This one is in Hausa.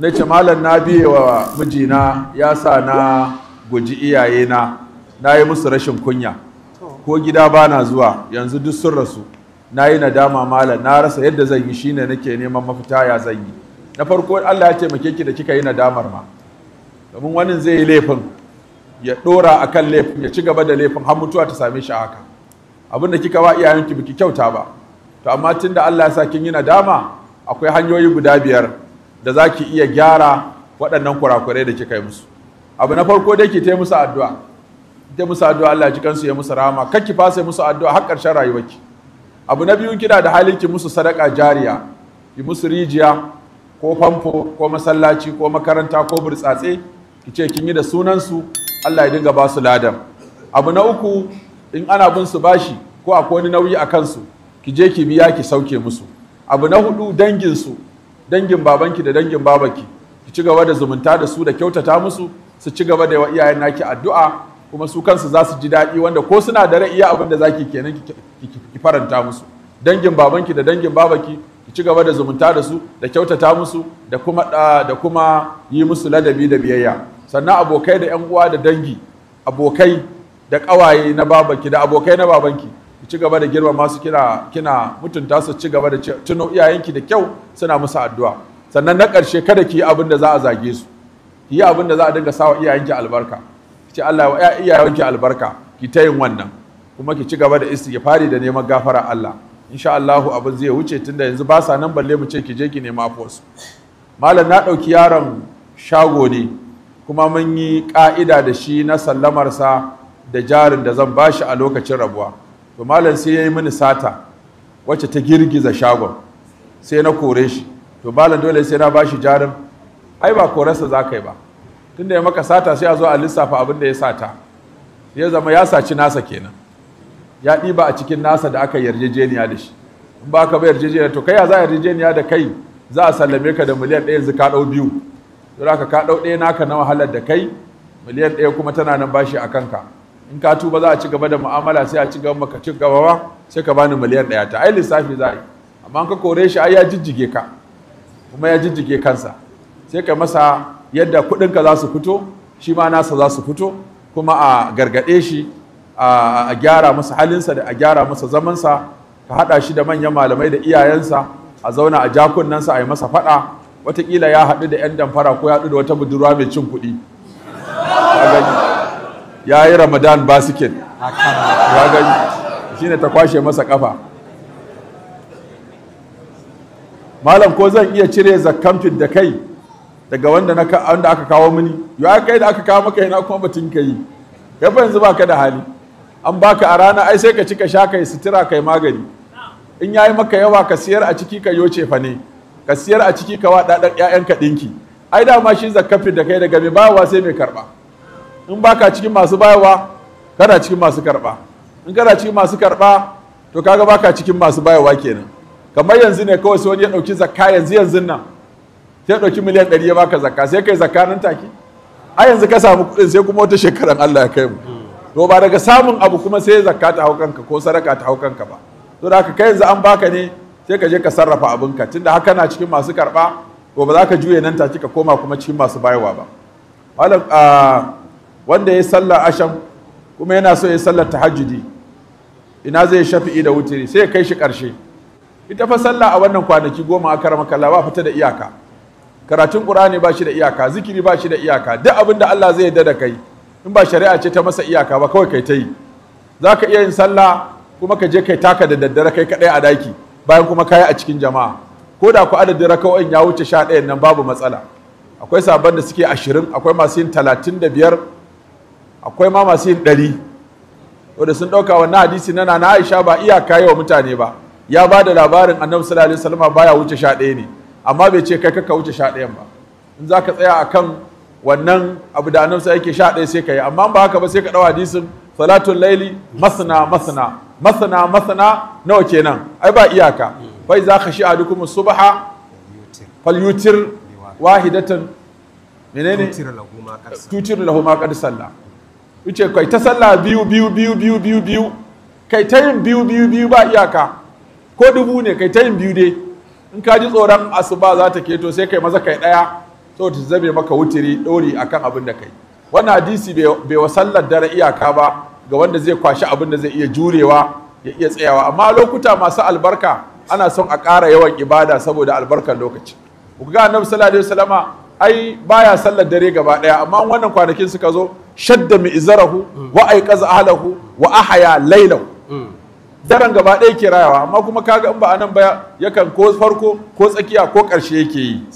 na ce malam na biye wa mijina ya sa na guji iyayena na yi musu rashin kunya ko gida ba na zuwa yanzu duk sun rasu na yi nadama malam na rasa yadda zan yi shine nake neman mafita ya zan yi na farko Allah ya taimake ki da kika yi nadamar ma domin wani zai yi laifin ya dora akan laifin ya ci gaba da laifin har mutuwa ta same shi haka abin da kika ba iyayenki biki kyauta ba to amma tunda Allah ya sa kin yi nadama akwai hanyoyi guda biyar da za ki iya gyara waɗannan kurakurai da kika yi musu abu na farko dai ki ta musu addu'a ta musu addu'a Allah ji kansu ya musu rama kar ki fasa musu addu'a har ƙarshen rayuwarki abu na biyu kina da halin ki musu sadaka jariya ki musu rijiya ko famfo ko masallaci ko makaranta ko burtsatse ki ce kin yi da sunansu Allah ya dinga ba su ladan abu na uku in ana bin su bashi ko akwai wani nauyi a kansu ki je ki biya ki sauke musu abu na hudu dangin su dangin babanki da dangin babanki ki ci gaba da zumunta da su da kyautata musu su ci gaba da wa iyayen naki addu'a kuma su kansu za su ji daɗi wanda ko suna da rai iya abin da zaki kenan ki faranta musu dangin babanki da dangin babaki ki ci gaba da zumunta da su da kyautata musu da kuma da kuma yi musu ladabi da biyayya sannan abokai da yan uwa da dangi abokai da ƙawaye na babanki da abokai na babanki ki ci gaba da girmama su kina kina mutunta su ci gaba da tuno iyayenki da kyau suna musu addu'a sannan na ƙarshe kada ki yi abin da za a zage su ki yi abin da za a dinga sawa iyayenki albarka ki ce Allah ya iyayenki albarka ki ta yin wannan kuma ki ci gaba da istighfari da neman gafara Allah insha Allah abin zai wuce tunda yanzu ba sa nan balle mu ce ki je ki nema afuwarsu malam na ɗauki yaron shago ne kuma mun yi ƙa'ida da shi na sallamarsa da jarin da zan bashi a lokacin rabuwa to malam sai ya yi mini sata wacce ta girgiza shagon sai na kore shi to malam dole sai na bashi jarin ai ba korarsa za ka ba tunda ya maka sata sai a zo a lissafa abin da ya sata ya zama ya saci nasa kenan ya ɗiba a cikin nasa da aka yarjejeniya da shi in ba ka ba yarjejeniya to kai ya za a yarjejeniya da kai za a sallame ka da miliyan ɗaya yanzu ka ɗau biyu to za ka ɗau ɗaya naka na wahalar da kai miliyan ɗaya kuma tana nan bashi a kanka in ka tuba za a ci gaba da mu'amala sai a ci gaba ka ci gaba ba sai ka bani miliyan ɗaya ta ai lissafi za a yi amma ka kore shi ai ya jijjige ka kuma ya jijjige kansa sai ka masa yadda kuɗinka za su fito shi ma nasa za su fito kuma a gargaɗe shi a gyara masa halinsa da a gyara masa zamansa ka haɗa shi da manyan malamai da iyayensa a zauna a jakunnansa a yi masa faɗa watakila ya haɗu da 'yan damfara ko ya haɗu da wata budurwa mai cin kuɗi ya yi ramadan basket. ya gani shine ta kwashe masa kafa malam ko zan iya cire zakamfin da kai daga wanda aka kawo mini ya kai da aka kawo maka yana kuma batun ka yi ya fa ba ka da hali an baka a rana ai sai ka cika sha kai sutura kai magani in yayi maka yawa ka siyar a ciki ka yoce fa ne ka siyar a ciki ka wa ɗaɗar 'ya'yanka ɗinki ai dama shi zakafi da kai daga mai bawa sai mai karɓa in ba ka cikin masu bayarwa kana cikin masu karba in kana cikin masu karba to kaga ba ka cikin masu bayarwa kenan kamar yanzu ne kawai sai wani ya dauki zakka yanzu yanzu nan sai dauki miliyan 100 ya baka zakka sai kai zakka nan take a yanzu ka samu kudin sai kuma wata shekaran Allah ya kai mu to ba daga samun abu kuma sai zakka ta hau kanka ko sadaka ta hau kanka ba to da haka kai yanzu an baka ne sai ka je ka sarrafa abinka tunda haka na cikin masu karba to ba za ka juye nan take ka koma kuma cikin masu bayarwa ba malam ah, wanda ya yi sallar asham kuma yana so ya sallar tahajjudi ina zai shafi'i da wutiri sai ya kai shi ƙarshe ita fa sallah a wannan kwanaki goma a karama kalla ba fita da iyaka karatun qur'ani ba shi da iyaka zikiri ba shi da iyaka duk abin da Allah zai yarda da kai in ba shari'a ce ta masa iyaka ba kawai kai ta yi zaka iya yin sallah kuma ka je kai taka da daddare kai kadai a daki bayan kuma kai a cikin jama'a ko da ku adadin raka'o'in ya wuce sha nan babu matsala akwai sabon da suke ashirin akwai masu yin talatin da biyar akwai ma masu yin ɗari wanda sun ɗauka wannan hadisi na na aisha ba iyaka yi wa mutane ba ya ba da labarin annabi sallallahu alaihi wasallam baya wuce sha ɗaya ne amma bai ce kai kaka wuce sha ɗaya ba in za ka tsaya akan wannan abu da annabi sai yake sha ɗaya sai ka yi amma ba haka ba sai ka ɗau hadisin salatun laili masana masana masana masana nawa kenan ai ba iyaka fa za ka shi adukum subha falyutir wahidatan menene tutir lahu ma qad sallah wuce kai ta sallah biyu biyu biyu biyu biyu biyu kai ta yin biyu biyu biyu ba iyaka ko dubu ne kai ta yin biyu dai in ka ji tsoron asuba za ta keto sai kai maza kai daya so ta zabe maka wutiri dori akan abin da kai wannan hadisi bai wa sallar dare iyaka ba ga wanda zai kwashi abin da zai iya jurewa ya iya tsayawa amma lokuta masu albarka ana son a kara yawan ibada saboda albarkar lokaci ku ga annabi sallallahu alaihi wasallama ai baya sallar dare gaba daya amma wannan kwanakin suka zo shadda izarahu wa aiqaza ahlahu wa ahaya lailau daren gaba ɗaya ke rayawa amma kuma kaga in ba nan baya yakan ko farko ko tsakiya ko ƙarshe yake yi